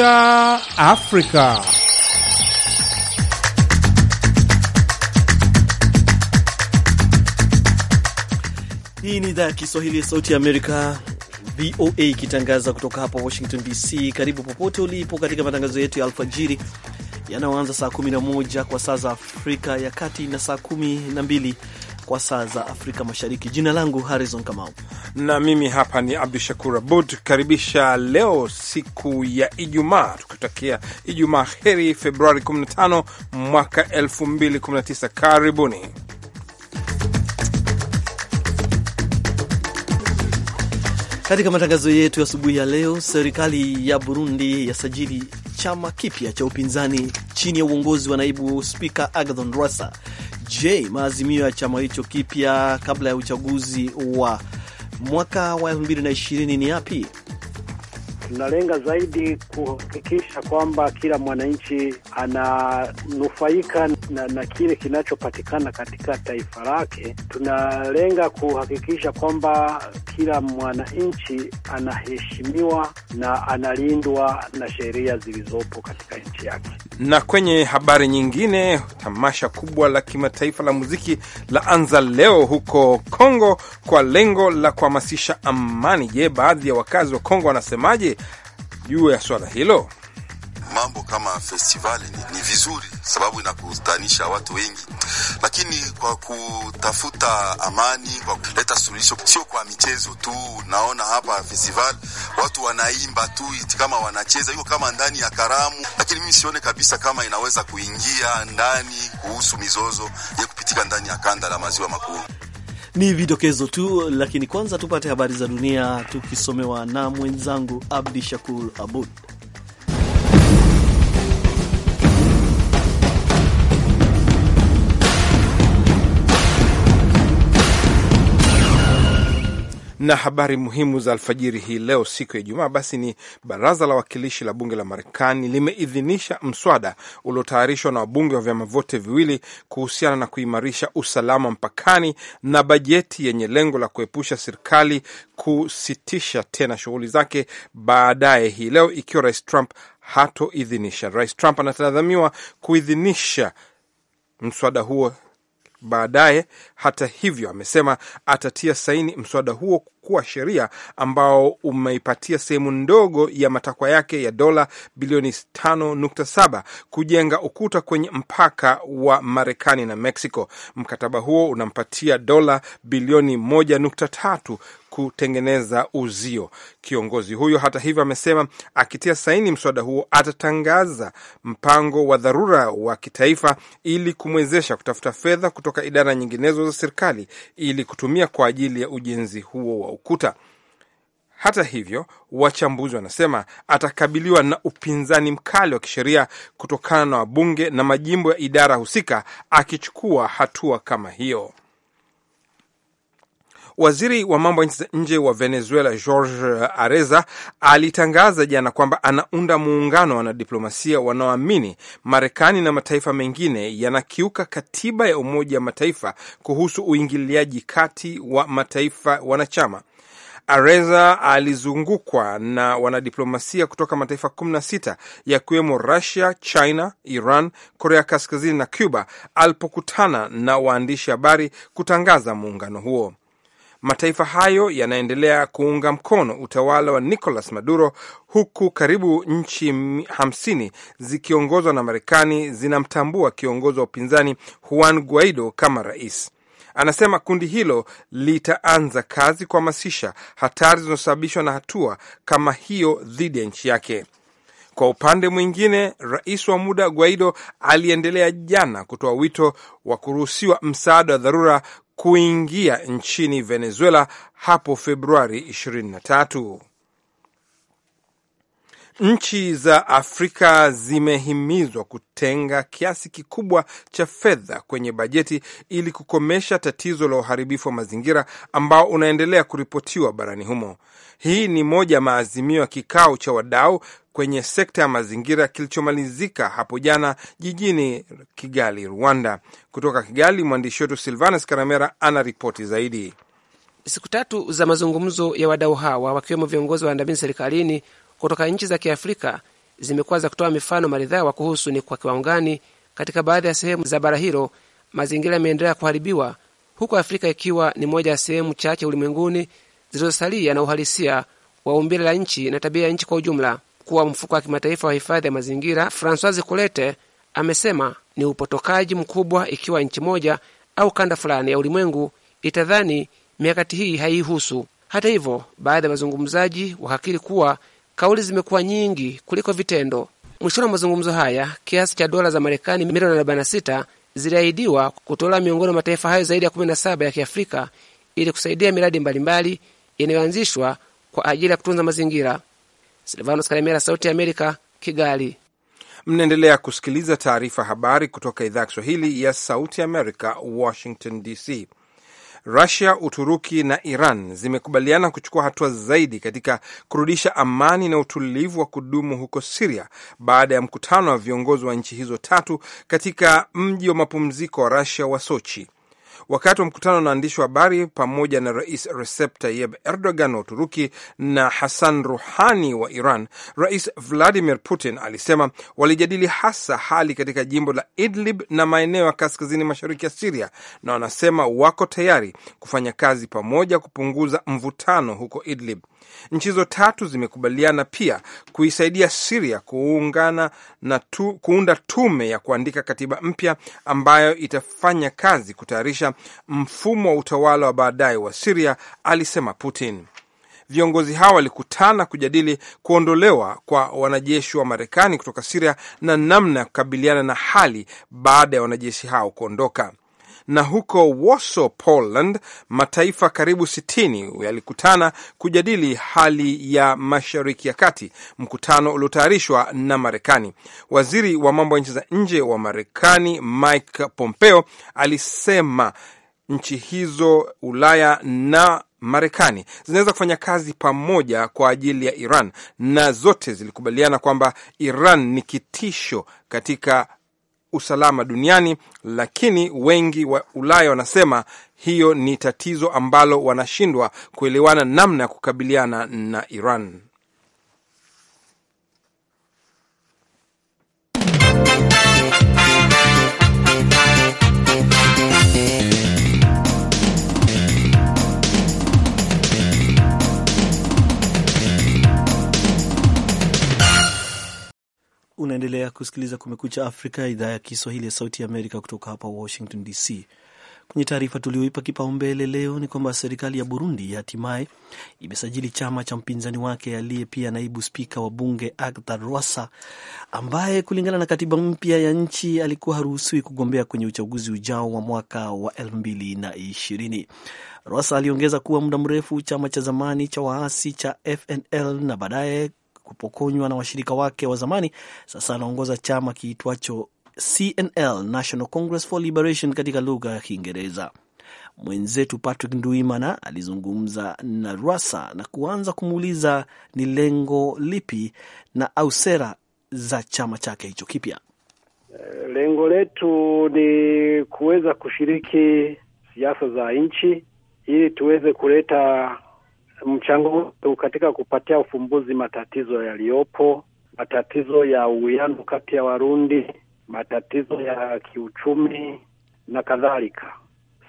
Afrika. Hii ni idhaa ya Kiswahili ya Sauti ya Amerika VOA ikitangaza kutoka hapa Washington DC. Karibu popote ulipo katika matangazo yetu ya alfajiri yanayoanza saa 11 kwa saa za Afrika ya Kati na saa 12 kwa saa za Afrika Mashariki. Jina langu Harrison Kamau na mimi hapa ni Abdu Shakur Abud, karibisha leo siku ya Ijumaa, tukitakia Ijumaa heri, Februari 15 mwaka 2019. Karibuni. Katika matangazo yetu ya asubuhi ya leo, serikali ya Burundi yasajili chama kipya cha upinzani chini ya uongozi wa naibu spika Agathon Rwasa Je, maazimio ya chama hicho kipya kabla ya uchaguzi wa mwaka wa ishirini ni yapi? Tunalenga zaidi kuhakikisha kwamba kila mwananchi ananufaika na, na kile kinachopatikana katika taifa lake. Tunalenga kuhakikisha kwamba kila mwananchi anaheshimiwa na analindwa na sheria zilizopo katika nchi yake. Na kwenye habari nyingine, tamasha kubwa la kimataifa la muziki la anza leo huko Kongo kwa lengo la kuhamasisha amani. Je, baadhi ya wakazi wa Kongo wanasemaje juu ya swala hilo? mambo kama festivali ni, ni vizuri sababu inakutanisha watu wengi, lakini kwa kutafuta amani, kwa kuleta suluhisho, sio kwa michezo tu. Naona hapa festival watu wanaimba tu kama wanacheza, hiyo kama ndani ya karamu, lakini mimi sione kabisa kama inaweza kuingia ndani kuhusu mizozo ya kupitika ndani ya kanda la maziwa makuu. Ni vidokezo tu, lakini kwanza tupate habari za dunia tukisomewa na mwenzangu Abdi Shakur Abud. na habari muhimu za alfajiri hii leo siku ya Ijumaa basi ni baraza la wakilishi la bunge la Marekani limeidhinisha mswada uliotayarishwa na wabunge wa vyama vyote viwili kuhusiana na kuimarisha usalama mpakani na bajeti yenye lengo la kuepusha serikali kusitisha tena shughuli zake baadaye hii leo ikiwa Rais Trump hatoidhinisha. Rais Trump anatazamiwa kuidhinisha mswada huo baadaye. Hata hivyo, amesema atatia saini mswada huo kuwa sheria ambao umeipatia sehemu ndogo ya matakwa yake ya dola bilioni 5.7 kujenga ukuta kwenye mpaka wa Marekani na Mexico. Mkataba huo unampatia dola bilioni 1.3 kutengeneza uzio. Kiongozi huyo hata hivyo amesema akitia saini mswada huo atatangaza mpango wa dharura wa kitaifa ili kumwezesha kutafuta fedha kutoka idara nyinginezo za serikali ili kutumia kwa ajili ya ujenzi huo wa ukuta. Hata hivyo, wachambuzi wanasema atakabiliwa na upinzani mkali wa kisheria kutokana na wabunge na majimbo ya idara husika akichukua hatua kama hiyo. Waziri wa mambo ya nchi za nje wa Venezuela George Areza alitangaza jana kwamba anaunda muungano wa wanadiplomasia wanaoamini Marekani na mataifa mengine yanakiuka katiba ya Umoja wa Mataifa kuhusu uingiliaji kati wa mataifa wanachama. Areza alizungukwa na wanadiplomasia kutoka mataifa 16 yakiwemo Russia, China, Iran, Korea Kaskazini na Cuba alipokutana na waandishi habari kutangaza muungano huo. Mataifa hayo yanaendelea kuunga mkono utawala wa Nicolas Maduro, huku karibu nchi hamsini zikiongozwa na Marekani zinamtambua kiongozi wa upinzani Juan Guaido kama rais. Anasema kundi hilo litaanza kazi kuhamasisha hatari zinazosababishwa na hatua kama hiyo dhidi ya nchi yake. Kwa upande mwingine, rais wa muda Guaido aliendelea jana kutoa wito wa kuruhusiwa msaada wa dharura kuingia nchini Venezuela hapo Februari 23. Nchi za Afrika zimehimizwa kutenga kiasi kikubwa cha fedha kwenye bajeti ili kukomesha tatizo la uharibifu wa mazingira ambao unaendelea kuripotiwa barani humo. Hii ni moja ya maazimio ya kikao cha wadau kwenye sekta ya mazingira kilichomalizika hapo jana jijini Kigali, Rwanda. Kutoka Kigali, mwandishi wetu Silvanus Karamera ana ripoti zaidi. Siku tatu za mazungumzo ya wadau hawa wakiwemo viongozi wa andamizi serikalini kutoka nchi za Kiafrika zimekuwa za kutoa mifano maridhawa kuhusu ni kwa kiwango gani katika baadhi ya sehemu za bara hilo mazingira yameendelea kuharibiwa, huku Afrika ikiwa ni moja ya sehemu chache ulimwenguni zilizosalia na uhalisia wa umbile la nchi na tabia ya nchi kwa ujumla mkuu wa mfuko wa kimataifa wa hifadhi ya mazingira Francoise Colete amesema ni upotokaji mkubwa ikiwa nchi moja au kanda fulani ya ulimwengu itadhani miakati hii haihusu. Hata hivyo, baadhi ya wazungumzaji wakakiri kuwa kauli zimekuwa nyingi kuliko vitendo. Mwishoni wa mazungumzo haya, kiasi cha dola za Marekani milioni 46 ziliahidiwa kutolewa miongoni mwa mataifa hayo zaidi ya 17 ya Kiafrika ili kusaidia miradi mbalimbali inayoanzishwa kwa ajili ya kutunza mazingira. Silvanos Karemera, Sauti ya Amerika, Kigali. Mnaendelea kusikiliza taarifa habari kutoka idhaa ya Kiswahili ya Sauti Amerika, Washington DC. Rusia, Uturuki na Iran zimekubaliana kuchukua hatua zaidi katika kurudisha amani na utulivu wa kudumu huko Siria baada ya mkutano wa viongozi wa nchi hizo tatu katika mji wa mapumziko wa Rusia wa Sochi wakati wa mkutano na waandishi wa habari pamoja na Rais Recep Tayyip Erdogan wa Uturuki na Hassan Ruhani wa Iran, Rais Vladimir Putin alisema walijadili hasa hali katika jimbo la Idlib na maeneo ya kaskazini mashariki ya Siria, na wanasema wako tayari kufanya kazi pamoja kupunguza mvutano huko Idlib. Nchi hizo tatu zimekubaliana pia kuisaidia Siria kuungana na tu, kuunda tume ya kuandika katiba mpya ambayo itafanya kazi kutayarisha mfumo wa utawala wa baadaye wa Siria, alisema Putin. Viongozi hao walikutana kujadili kuondolewa kwa wanajeshi wa Marekani kutoka Siria na namna ya kukabiliana na hali baada ya wanajeshi hao kuondoka na huko Warsaw, Poland, mataifa karibu 60 yalikutana kujadili hali ya Mashariki ya Kati, mkutano uliotayarishwa na Marekani. Waziri wa mambo ya nchi za nje wa Marekani Mike Pompeo alisema nchi hizo Ulaya na Marekani zinaweza kufanya kazi pamoja kwa ajili ya Iran na zote zilikubaliana kwamba Iran ni kitisho katika usalama duniani, lakini wengi wa Ulaya wanasema hiyo ni tatizo ambalo wanashindwa kuelewana namna ya kukabiliana na Iran. kusikiliza Kumekucha Afrika, idhaa ya Kiswahili ya Sauti ya Amerika kutoka hapa Washington DC. Kwenye taarifa tulioipa kipaumbele leo ni kwamba serikali ya Burundi hatimaye imesajili chama cha mpinzani wake aliye pia naibu spika wa bunge Arthur Rwasa, ambaye kulingana na katiba mpya ya nchi alikuwa haruhusiwi kugombea kwenye uchaguzi ujao wa mwaka wa elfu mbili na ishirini. Rwasa aliongeza kuwa muda mrefu chama cha zamani cha waasi cha FNL na baadaye kupokonywa na washirika wake wa zamani. Sasa anaongoza chama kiitwacho CNL, National Congress for Liberation, katika lugha ya Kiingereza. Mwenzetu Patrick Nduimana alizungumza na Rwasa na kuanza kumuuliza ni lengo lipi na au sera za chama chake hicho kipya. Eh, lengo letu ni kuweza kushiriki siasa za nchi ili tuweze kuleta mchango wetu katika kupatia ufumbuzi matatizo yaliyopo, matatizo ya uwiano kati ya Warundi, matatizo ya kiuchumi na kadhalika.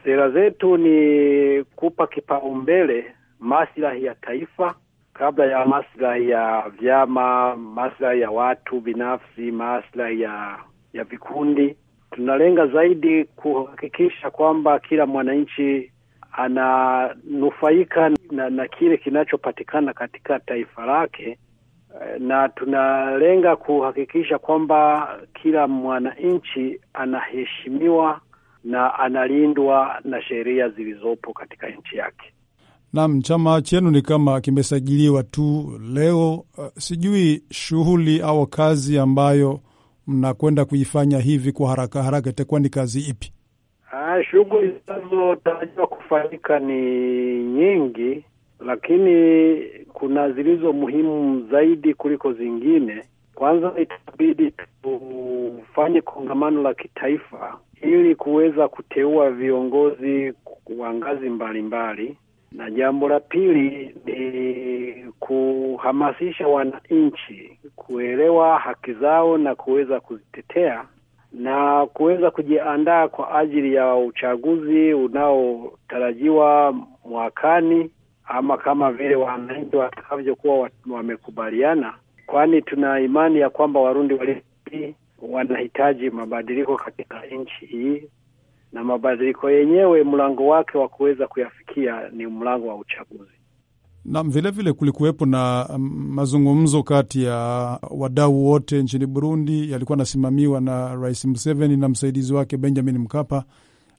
Sera zetu ni kupa kipaumbele maslahi ya taifa kabla ya maslahi ya vyama, maslahi ya watu binafsi, maslahi ya ya vikundi. Tunalenga zaidi kuhakikisha kwamba kila mwananchi ananufaika na, na kile kinachopatikana katika taifa lake, eh, na tunalenga kuhakikisha kwamba kila mwananchi anaheshimiwa na analindwa na sheria zilizopo katika nchi yake. Naam, chama chenu ni kama kimesajiliwa tu leo. Uh, sijui shughuli au kazi ambayo mnakwenda kuifanya hivi kwa haraka haraka itakuwa ni kazi ipi? Ah, shughuli zinazotarajiwa kufanyika ni nyingi, lakini kuna zilizo muhimu zaidi kuliko zingine. Kwanza itabidi tufanye kongamano la kitaifa ili kuweza kuteua viongozi wa ngazi mbalimbali, na jambo la pili ni kuhamasisha wananchi kuelewa haki zao na kuweza kuzitetea na kuweza kujiandaa kwa ajili ya uchaguzi unaotarajiwa mwakani, ama kama vile wananchi watakavyokuwa wamekubaliana, kwani tuna imani ya kwamba Warundi walii wanahitaji mabadiliko katika nchi hii, na mabadiliko yenyewe mlango wake wa kuweza kuyafikia ni mlango wa uchaguzi na vilevile kulikuwepo na mm, mazungumzo kati ya wadau wote nchini Burundi, yalikuwa anasimamiwa na Rais Museveni na msaidizi wake Benjamin Mkapa,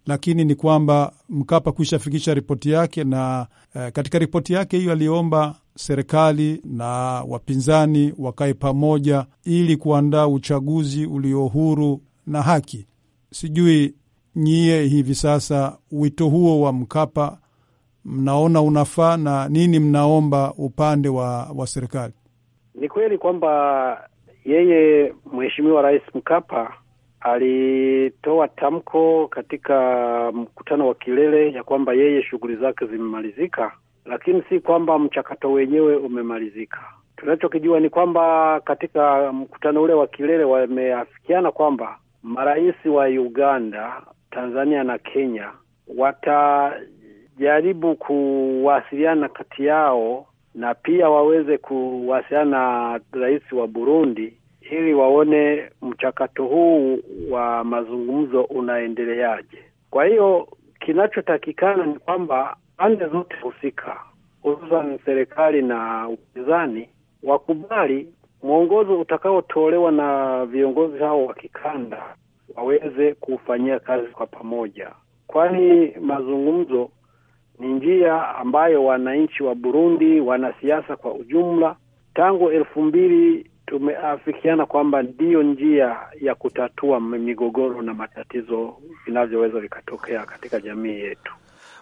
lakini ni kwamba Mkapa kuishafikisha ripoti yake, na eh, katika ripoti yake hiyo aliomba serikali na wapinzani wakae pamoja ili kuandaa uchaguzi ulio huru na haki. Sijui nyie hivi sasa wito huo wa Mkapa mnaona unafaa na nini mnaomba upande wa, wa serikali? Ni kweli kwamba yeye Mheshimiwa Rais Mkapa alitoa tamko katika mkutano wa kilele ya kwamba yeye shughuli zake zimemalizika, lakini si kwamba mchakato wenyewe umemalizika. Tunachokijua ni kwamba katika mkutano ule wa kilele wameafikiana kwamba marais wa Uganda, Tanzania na Kenya wata jaribu kuwasiliana kati yao na pia waweze kuwasiliana na rais wa Burundi ili waone mchakato huu wa mazungumzo unaendeleaje. Kwa hiyo kinachotakikana ni kwamba pande zote husika, hususan serikali na upinzani, wakubali mwongozo utakaotolewa na viongozi hao wa kikanda, waweze kufanyia kazi kwa pamoja, kwani mazungumzo ni njia ambayo wananchi wa Burundi, wanasiasa kwa ujumla, tangu elfu mbili tumeafikiana kwamba ndiyo njia ya kutatua migogoro na matatizo vinavyoweza vikatokea katika jamii yetu.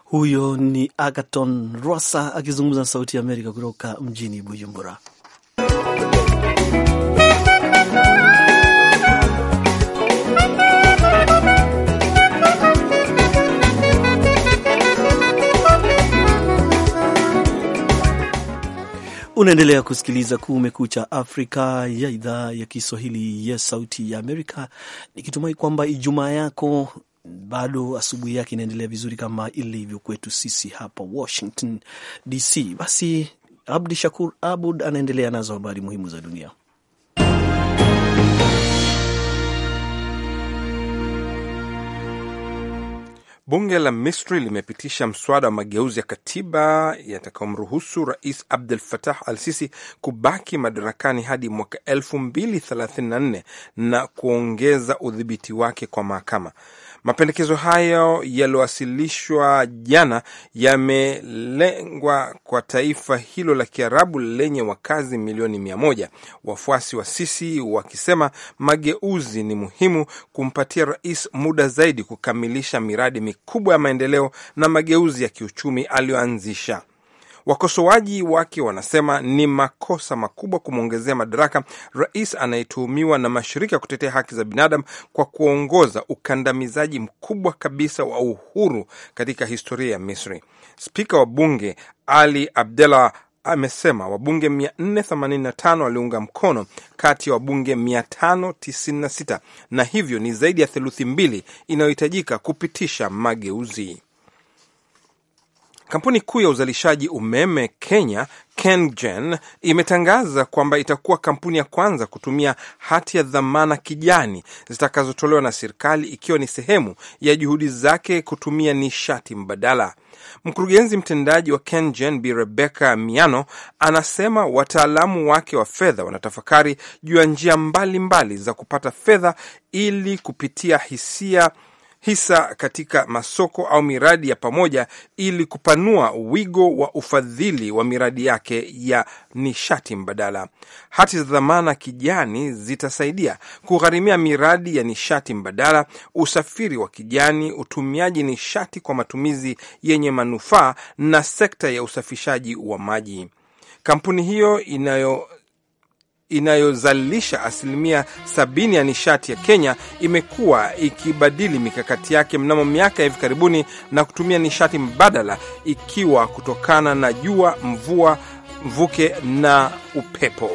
Huyo ni Agaton Rwasa akizungumza na Sauti ya Amerika kutoka mjini Bujumbura. Unaendelea kusikiliza Kumekucha Afrika ya idhaa ya Kiswahili ya Sauti ya Amerika, nikitumai kwamba Ijumaa yako bado asubuhi yake inaendelea vizuri kama ilivyo kwetu sisi hapa Washington DC. Basi Abdi Shakur Abud anaendelea nazo habari muhimu za dunia. Bunge la Misri limepitisha mswada wa mageuzi ya katiba yatakayomruhusu Rais Abdel Fattah al Sisi kubaki madarakani hadi mwaka elfu na kuongeza udhibiti wake kwa mahakama. Mapendekezo hayo yaliyowasilishwa jana yamelengwa kwa taifa hilo la Kiarabu lenye wakazi milioni mia moja, wafuasi wa Sisi wakisema mageuzi ni muhimu kumpatia rais muda zaidi kukamilisha miradi mikubwa ya maendeleo na mageuzi ya kiuchumi aliyoanzisha. Wakosoaji wake wanasema ni makosa makubwa kumwongezea madaraka rais anayetuhumiwa na mashirika ya kutetea haki za binadamu kwa kuongoza ukandamizaji mkubwa kabisa wa uhuru katika historia ya Misri. Spika wa bunge Ali Abdallah amesema wabunge 485 waliunga mkono kati ya wabunge 596 na hivyo ni zaidi ya theluthi mbili inayohitajika kupitisha mageuzi. Kampuni kuu ya uzalishaji umeme Kenya, KenGen, imetangaza kwamba itakuwa kampuni ya kwanza kutumia hati ya dhamana kijani zitakazotolewa na serikali, ikiwa ni sehemu ya juhudi zake kutumia nishati mbadala. Mkurugenzi mtendaji wa KenGen Bi Rebecca Miano anasema wataalamu wake wa fedha wanatafakari juu ya njia mbalimbali za kupata fedha ili kupitia hisia hisa katika masoko au miradi ya pamoja ili kupanua wigo wa ufadhili wa miradi yake ya nishati mbadala. Hati za dhamana kijani zitasaidia kugharimia miradi ya nishati mbadala, usafiri wa kijani, utumiaji nishati kwa matumizi yenye manufaa na sekta ya usafishaji wa maji. Kampuni hiyo inayo inayozalisha asilimia sabini ya nishati ya Kenya imekuwa ikibadili mikakati yake mnamo miaka ya hivi karibuni na kutumia nishati mbadala, ikiwa kutokana na jua, mvua, mvuke na upepo.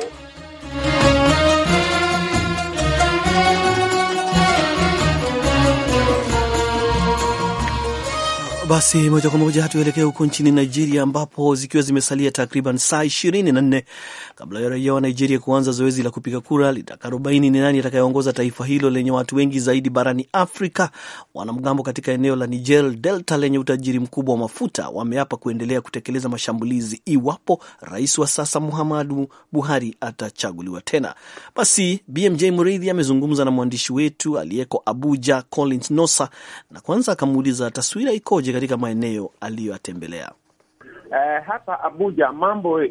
Basi moja kwa moja tuelekee huko nchini Nigeria, ambapo zikiwa zimesalia takriban saa ishirini na nne kabla ya raia wa Nigeria kuanza zoezi la kupiga kura litakarobaini ni nani atakayeongoza taifa hilo lenye watu wengi zaidi barani Afrika, wanamgambo katika eneo la Niger Delta lenye utajiri mkubwa wa mafuta wameapa kuendelea kutekeleza mashambulizi iwapo rais wa sasa Muhammadu Buhari atachaguliwa tena. Basi BMJ Murithi amezungumza na mwandishi wetu aliyeko Abuja Collins Nosa na kwanza akamuuliza taswira ikoje katika maeneo aliyoyatembelea. Eh, hapa Abuja mambo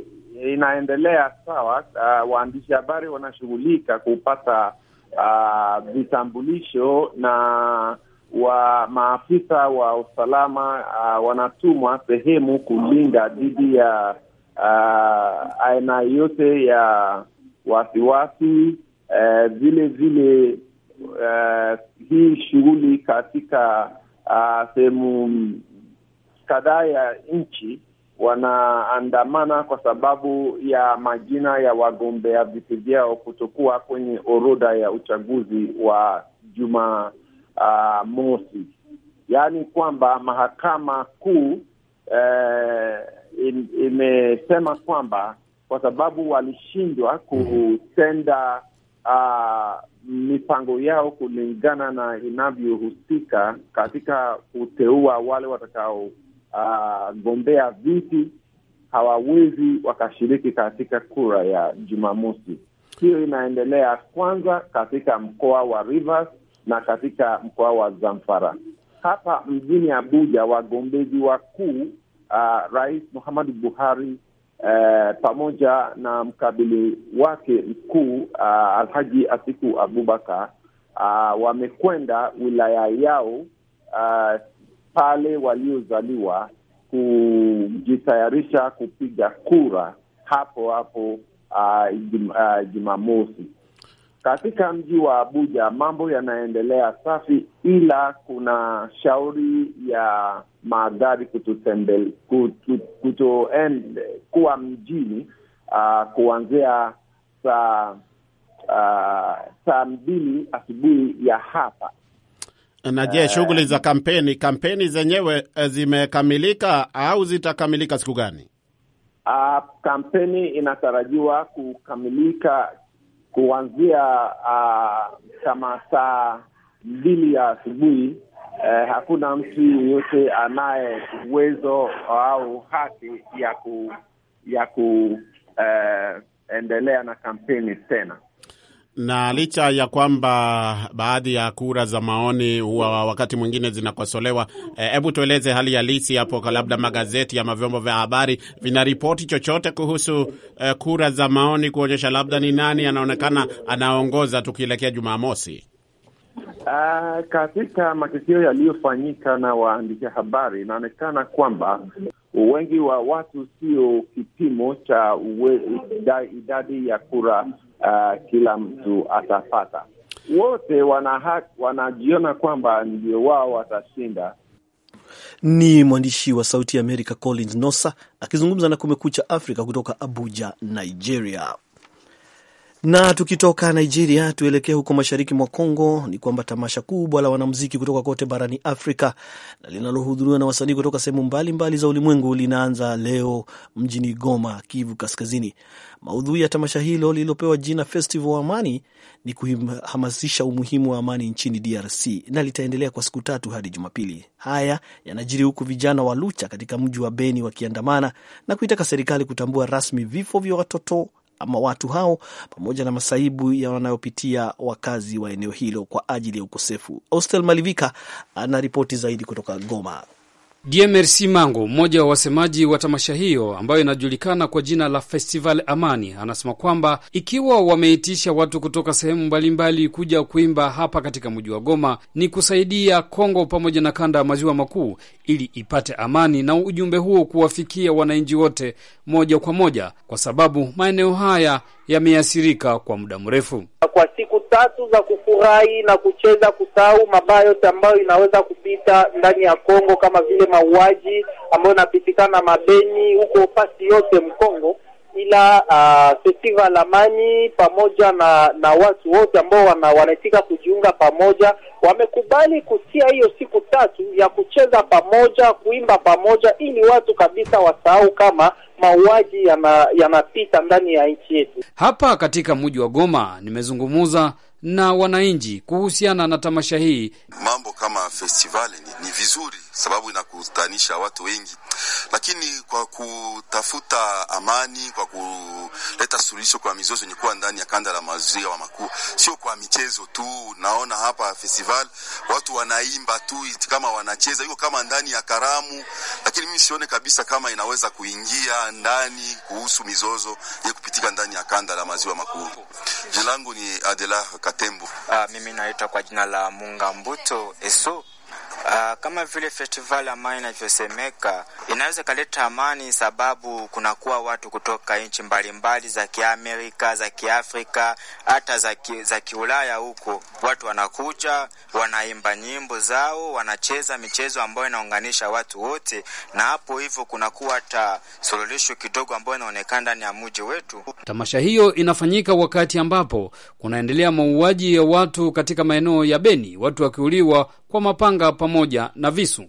inaendelea sawa. Uh, waandishi habari wanashughulika kupata uh, vitambulisho na wa maafisa wa usalama uh, wanatumwa sehemu kulinda dhidi ya uh, aina yote ya wasiwasi uh, vile vile uh, hii shughuli katika Ah, sehemu kadhaa ya nchi wanaandamana kwa sababu ya majina ya wagombea viti vyao kutokuwa kwenye orodha ya uchaguzi wa juma uh, mosi, yaani kwamba mahakama kuu eh, imesema kwamba kwa sababu walishindwa kutenda uh, mipango yao kulingana na inavyohusika katika kuteua wale watakaogombea ah, uh, viti hawawezi wakashiriki katika kura ya Jumamosi. Hiyo inaendelea kwanza katika mkoa wa Rivers na katika mkoa wa Zamfara. Hapa mjini Abuja, wagombezi wakuu uh, Rais Muhammadu Buhari eh, pamoja na mkabili wake mkuu uh, Alhaji asiku Abubakar uh, wamekwenda wilaya yao uh, pale waliozaliwa kujitayarisha kupiga kura hapo hapo uh, jum, uh, katika mji wa Abuja mambo yanaendelea safi, ila kuna shauri ya magari kututembel kutu, kuwa mjini uh, kuanzia saa uh, saa mbili asubuhi ya hapa. Na je, uh, shughuli za kampeni kampeni zenyewe eh, zimekamilika au zitakamilika siku gani? Uh, kampeni inatarajiwa kukamilika kuanzia uh, saa mbili ya asubuhi eh, hakuna mtu yeyote anaye uwezo au haki ya ku ya kuendelea eh, na kampeni tena na licha ya kwamba baadhi ya kura za maoni huwa wakati mwingine zinakosolewa, eh, hebu e, tueleze hali halisi hapo, labda magazeti ama vyombo vya habari vinaripoti chochote kuhusu e, kura za maoni kuonyesha labda ni nani anaonekana anaongoza tukielekea Jumamosi? Uh, katika matukio yaliyofanyika na waandishi habari inaonekana kwamba wengi wa watu sio kipimo cha idadi ya kura uh, kila mtu atapata. Wote wana haki, wanajiona kwamba ndio wao watashinda. Ni mwandishi wa Sauti ya Amerika Collins Nosa akizungumza na Kumekucha Afrika kutoka Abuja, Nigeria. Na tukitoka Nigeria tuelekee huko mashariki mwa congo ni kwamba tamasha kubwa la wanamuziki kutoka kote barani Afrika na linalohudhuriwa na wasanii kutoka sehemu mbalimbali za ulimwengu linaanza leo mjini Goma, Kivu Kaskazini. Maudhui ya tamasha hilo lililopewa jina Festival wa Amani ni kuhamasisha umuhimu wa amani nchini DRC na litaendelea kwa siku tatu hadi Jumapili. Haya yanajiri huku vijana wa Lucha katika mji wa Beni wakiandamana na kuitaka serikali kutambua rasmi vifo vya watoto ama watu hao pamoja na masaibu ya wanayopitia wakazi wa eneo hilo kwa ajili ya ukosefu. Austel Malivika ana ripoti zaidi kutoka Goma. DMRC mango mmoja wa wasemaji wa tamasha hiyo ambayo inajulikana kwa jina la Festival Amani, anasema kwamba ikiwa wameitisha watu kutoka sehemu mbalimbali kuja kuimba hapa katika mji wa Goma ni kusaidia Kongo pamoja na kanda ya maziwa makuu ili ipate amani, na ujumbe huo kuwafikia wananchi wote moja kwa moja, kwa sababu maeneo haya yameathirika kwa muda mrefu. Kwa siku tatu za kufurahi na kucheza, kusahau mabaya yote ambayo inaweza kupita ndani ya Kongo kama vile mauaji ambayo inapitikana mabeni huko pasi yote Mkongo, ila uh, ah, festiva lamani pamoja na na watu wote ambao wanaitika kujiunga pamoja wamekubali kutia hiyo siku tatu ya kucheza pamoja, kuimba pamoja, ili watu kabisa wasahau kama mauaji yanapita yana ndani ya nchi yetu. Hapa katika mji wa Goma nimezungumza na wananchi kuhusiana na tamasha hii. Mambo kama festivali ni, ni vizuri sababu inakutanisha watu wengi, lakini kwa kutafuta amani, kwa kuleta suluhisho kwa mizozo yenye kuwa ndani ya kanda la maziwa makuu, sio kwa michezo tu. Naona hapa festival watu wanaimba tu kama wanacheza, hiyo kama ndani ya karamu, lakini mimi sione kabisa kama inaweza kuingia ndani kuhusu mizozo ya kupitika ndani ya kanda la maziwa makuu. Jina langu ni Adela Katembo. Ah, mimi naitwa kwa jina la Munga Mbuto Eso Uh, kama vile festivali ambayo inavyosemeka inaweza ikaleta amani, sababu kunakuwa watu kutoka nchi mbalimbali za Kiamerika, za Kiafrika, hata za Kiulaya. Huko watu wanakuja, wanaimba nyimbo zao, wanacheza michezo ambayo inaunganisha watu wote, na hapo hivyo kunakuwa hata suluhisho kidogo ambayo inaonekana ndani ya mji wetu. Tamasha hiyo inafanyika wakati ambapo kunaendelea mauaji ya watu katika maeneo ya Beni, watu wakiuliwa kwa mapanga pamoja na visu.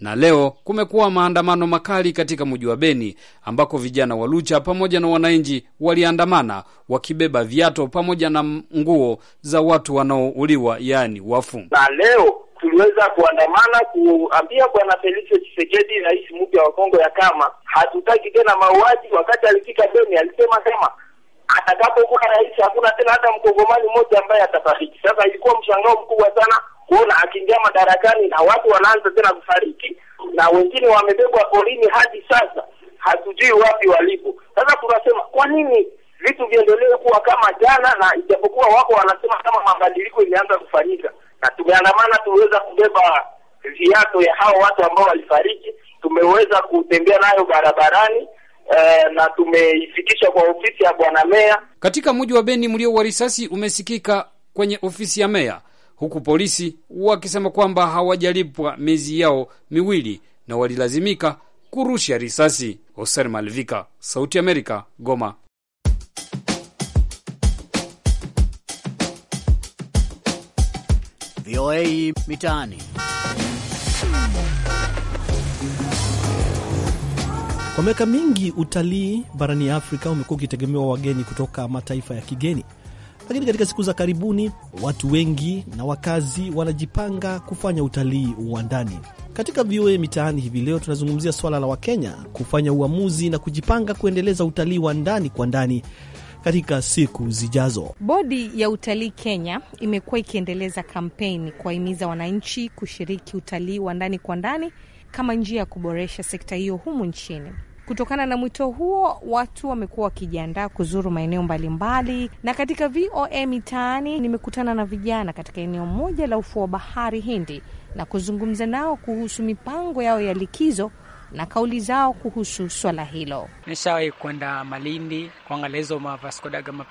Na leo kumekuwa maandamano makali katika mji wa Beni ambako vijana wa Lucha pamoja na wananchi waliandamana wakibeba viato pamoja na nguo za watu wanaouliwa, yaani wafu. Na leo tuliweza kuandamana kuambia Bwana Felix Tshisekedi, rais mpya wa Kongo, ya kama hatutaki tena mauaji. Wakati alifika Beni alisema kama atakapokuwa rais hakuna tena hata mkongomani mmoja ambaye atafariki. Sasa ilikuwa mshangao mkubwa sana kuna akiingia madarakani na watu wanaanza tena kufariki na wengine wamebebwa polini hadi sasa, hatujui wapi walipo. Sasa tunasema kwa nini vitu viendelee kuwa kama jana, na ijapokuwa wako wanasema kama mabadiliko imeanza kufanyika, na tumeandamana, tuweza kubeba viato ya hao watu ambao walifariki, tumeweza kutembea nayo barabarani. Eh, na tumeifikisha kwa ofisi ya bwana meya katika mji wa Beni. Mlio wa risasi umesikika kwenye ofisi ya meya huku polisi wakisema kwamba hawajalipwa miezi yao miwili na walilazimika kurusha risasi. Hoser Malvika, Sauti Amerika, Goma. VOA Mitaani. Kwa miaka mingi utalii barani Afrika umekuwa ukitegemewa wageni kutoka mataifa ya kigeni lakini katika siku za karibuni, watu wengi na wakazi wanajipanga kufanya utalii wa ndani. Katika VOA Mitaani hivi leo tunazungumzia swala la Wakenya kufanya uamuzi na kujipanga kuendeleza utalii wa ndani kwa ndani katika siku zijazo. Bodi ya utalii Kenya imekuwa ikiendeleza kampeni kuwahimiza wananchi kushiriki utalii wa ndani kwa ndani kama njia ya kuboresha sekta hiyo humu nchini. Kutokana na mwito huo, watu wamekuwa wakijiandaa kuzuru maeneo mbalimbali, na katika VOA Mitaani nimekutana na vijana katika eneo moja la ufuo wa bahari Hindi na kuzungumza nao kuhusu mipango yao ya likizo na kauli zao kuhusu swala hilo. Nishawahi kwenda Malindi kuangalia hizo Vasco da Gama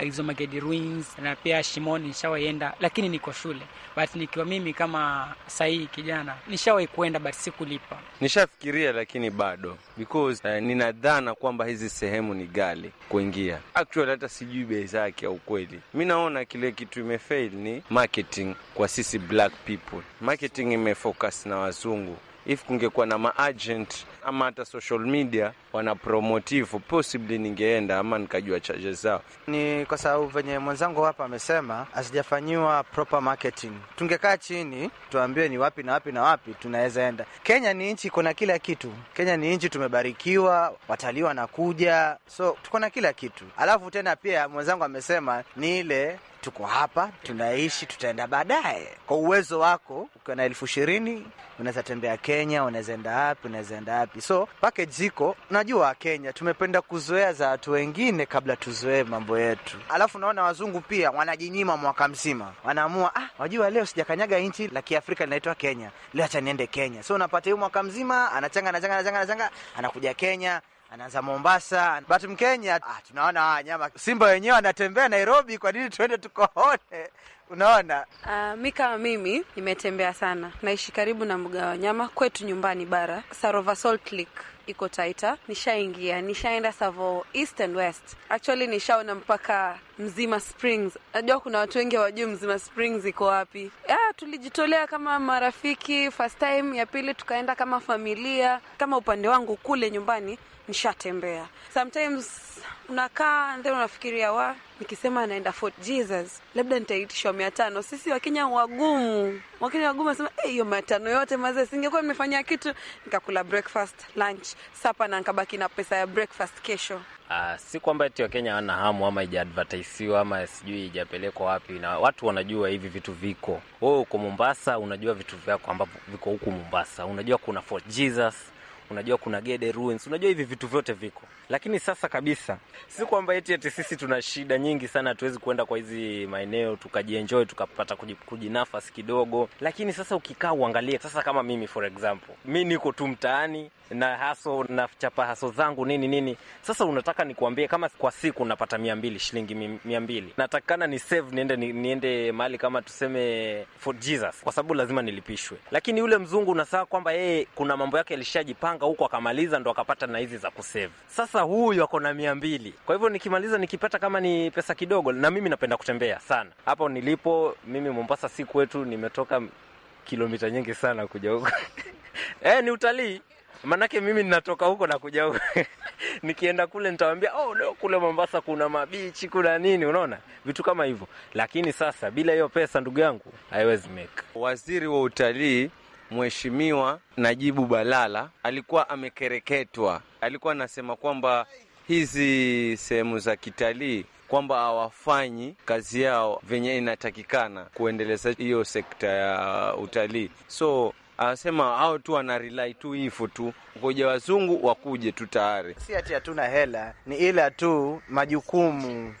hizo magedi Ruins na pia Shimoni nishawahi lakini niko shule. But nikiwa mimi kama sahii kijana nishawahi kuenda but sikulipa. Nishafikiria lakini bado because uh, ninadhana kwamba hizi sehemu ni gali kuingia. actual hata sijui bei zake au kweli. Mi naona kile kitu imefail ni marketing kwa sisi black people. Marketing imefocus na wazungu if kungekuwa na maagent ama hata social media wana promotive, possibly ningeenda ama nikajua charges zao. Ni kwa sababu venye mwenzangu hapa amesema asijafanyiwa proper marketing. Tungekaa chini tuambiwe ni wapi na wapi na wapi tunaweza enda. Kenya ni nchi kuna kila kitu. Kenya ni nchi tumebarikiwa, watalii wanakuja, so tuko na kila kitu. Alafu tena pia mwenzangu amesema ni ile tuko hapa tunaishi, tutaenda baadaye. Kwa uwezo wako, ukiwa na elfu ishirini unaweza tembea Kenya, unaweza enda wapi, unaweza enda wapi. So package ziko, najua Kenya tumependa kuzoea za watu wengine kabla tuzoee mambo yetu, alafu naona wazungu pia wanajinyima mwaka mzima, wanaamua ah, wajua leo sijakanyaga nchi la Kiafrika linaitwa Kenya, leo acha niende Kenya. So unapata hiyo mwaka mzima anachanga anachanga anachanga anachanga, anakuja Kenya anaanza Mombasa, but Mkenya ah, tunaona nyama simba wenyewe anatembea Nairobi. Kwa nini tuende tukaone Unaona, uh, mi kama mimi nimetembea sana, naishi karibu na mbuga ya wanyama kwetu nyumbani bara, Sarova Salt Lake iko Taita. Nishaingia, nishaenda Savo East and West, actually nishaona mpaka Mzima Springs. Najua kuna watu wengi hawajui Mzima Springs iko wapi. Ah, tulijitolea kama marafiki first time, ya pili tukaenda kama familia. Kama upande wangu kule nyumbani nishatembea. Sometimes unakaa then unafikiria wa nikisema naenda Fort Jesus labda nitaitishwa mia tano. Sisi Wakenya wagumu, Wakenya wagumu nasema eh, hiyo hey, mia tano yote maze, singekuwa nimefanyia kitu, nikakula breakfast, lunch, sapa na nkabaki na pesa ya breakfast kesho. Uh, si kwamba eti Wakenya hawana hamu ama ijaadvertisiwa ama sijui ijapelekwa wapi, na watu wanajua hivi vitu viko. Wewe uko Mombasa, unajua vitu vyako ambavyo viko huku Mombasa, unajua kuna Fort Jesus unajua kuna Gede ruins, unajua hivi vitu vyote viko. Lakini sasa kabisa, si kwamba eti eti sisi tuna shida nyingi sana, hatuwezi kuenda kwa hizi maeneo tukajienjoy tukapata kujinafasi kidogo. Lakini sasa ukikaa uangalie sasa, kama mimi for example, mi niko tu mtaani na haso na chapa haso zangu nini nini. Sasa unataka nikuambie kama kwa siku napata mia mbili shilingi mia mbili natakikana ni save niende, ni, niende mahali kama tuseme for Jesus, kwa sababu lazima nilipishwe. Lakini yule mzungu unasaa kwamba yeye kuna mambo yake alishajipanga kupanga huko akamaliza, ndo akapata na hizi za kusave. Sasa huyu ako na mia mbili, kwa hivyo nikimaliza nikipata kama ni pesa kidogo, na mimi napenda kutembea sana. Hapo nilipo mimi Mombasa si kwetu, nimetoka kilomita nyingi sana kuja huko e, ni utalii maanake mimi ninatoka huko na kuja huko nikienda kule nitawambia, oh, leo kule Mombasa kuna mabichi, kuna nini, unaona vitu kama hivyo. Lakini sasa bila hiyo pesa, ndugu yangu, haiwezi make. Waziri wa utalii Mheshimiwa Najibu Balala alikuwa amekereketwa, alikuwa anasema kwamba hizi sehemu za kitalii kwamba hawafanyi kazi yao venye inatakikana kuendeleza hiyo sekta ya utalii. So anasema hao tu wana rely tu hivo tu, ngoja wazungu wakuje tu, tayari si ati hatuna hela, ni ila tu majukumu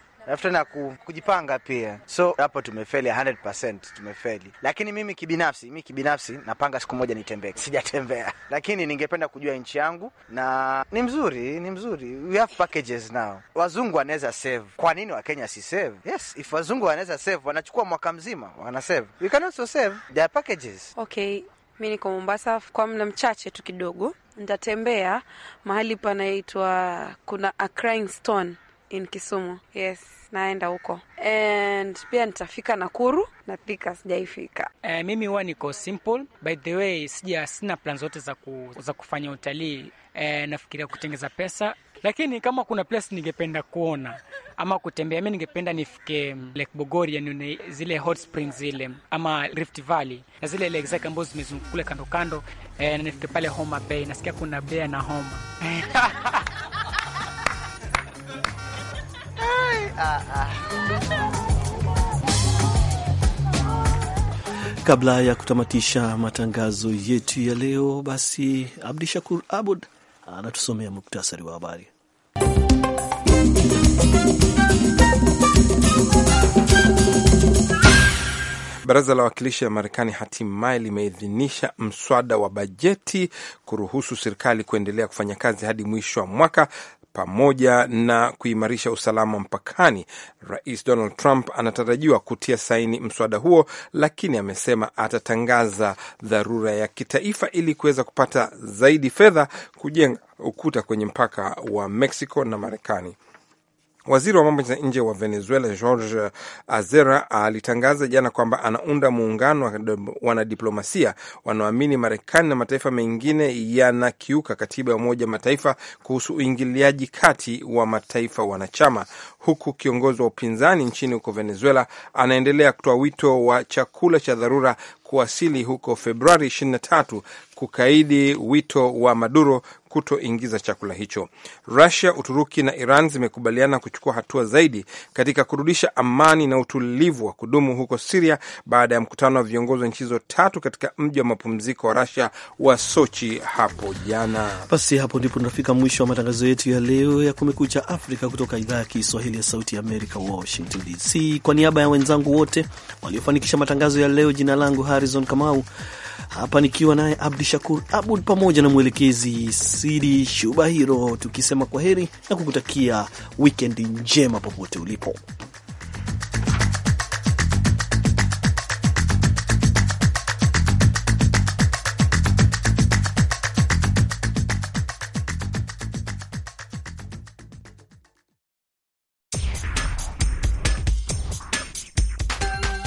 na ku, kujipanga pia. So hapo tumefeli 100%, tumefeli. Lakini mimi kibinafsi, mimi kibinafsi napanga siku moja nitembee. Sijatembea, lakini ningependa kujua nchi yangu, na ni mzuri, ni mzuri. We have packages now. Wazungu wanaweza save, kwa nini Wakenya si save? Yes, if wazungu wanaweza save, wanachukua mwaka mzima wana save, we can also save are packages. Okay, mi niko Mombasa kwa muda mchache tu kidogo, nitatembea mahali panaitwa kuna a crying stone in Kisumu. Yes, naenda huko and pia nitafika Nakuru na pika sijaifika. Uh, mimi huwa niko simple by the way, sija sina plan zote za, ku, za kufanya utalii uh, nafikiria kutengeza pesa, lakini kama kuna place ningependa kuona ama kutembea, mi ningependa nifike mm, Lake Bogoria, ni zile hot springs zile ama Rift Valley na zile lake zake ambazo zimezunguka kule kando kando, eh, na nifike pale Homa Bay, nasikia kuna bea na homa Kabla ya kutamatisha matangazo yetu ya leo, basi Abdi Shakur Abud anatusomea muktasari wa habari. Baraza la wawakilishi la Marekani hatimaye limeidhinisha mswada wa bajeti kuruhusu serikali kuendelea kufanya kazi hadi mwisho wa mwaka pamoja na kuimarisha usalama mpakani. Rais Donald Trump anatarajiwa kutia saini mswada huo, lakini amesema atatangaza dharura ya kitaifa ili kuweza kupata zaidi fedha kujenga ukuta kwenye mpaka wa Mexico na Marekani. Waziri wa mambo ya nje wa Venezuela George Azera alitangaza jana kwamba anaunda muungano wa wanadiplomasia wanaoamini Marekani na mataifa mengine yanakiuka katiba ya Umoja Mataifa kuhusu uingiliaji kati wa mataifa wanachama, huku kiongozi wa upinzani nchini huko Venezuela anaendelea kutoa wito wa chakula cha dharura kuwasili huko Februari 23 kukaidi wito wa Maduro kutoingiza chakula hicho. Rusia, Uturuki na Iran zimekubaliana kuchukua hatua zaidi katika kurudisha amani na utulivu wa kudumu huko Siria baada ya mkutano wa viongozi wa nchi hizo tatu katika mji wa mapumziko wa Rusia wa Sochi hapo jana. Basi hapo ndipo tunafika mwisho wa matangazo yetu ya leo ya Kumekucha Afrika kutoka idhaa ya Kiswahili ya Sauti ya Amerika, Washington DC. Kwa niaba ya wenzangu wote waliofanikisha matangazo ya leo, jina langu Harrison Kamau hapa nikiwa naye Abdi Shakur Abud pamoja na mwelekezi Sidi Shubahiro, tukisema kwa heri na kukutakia wikendi njema popote ulipo.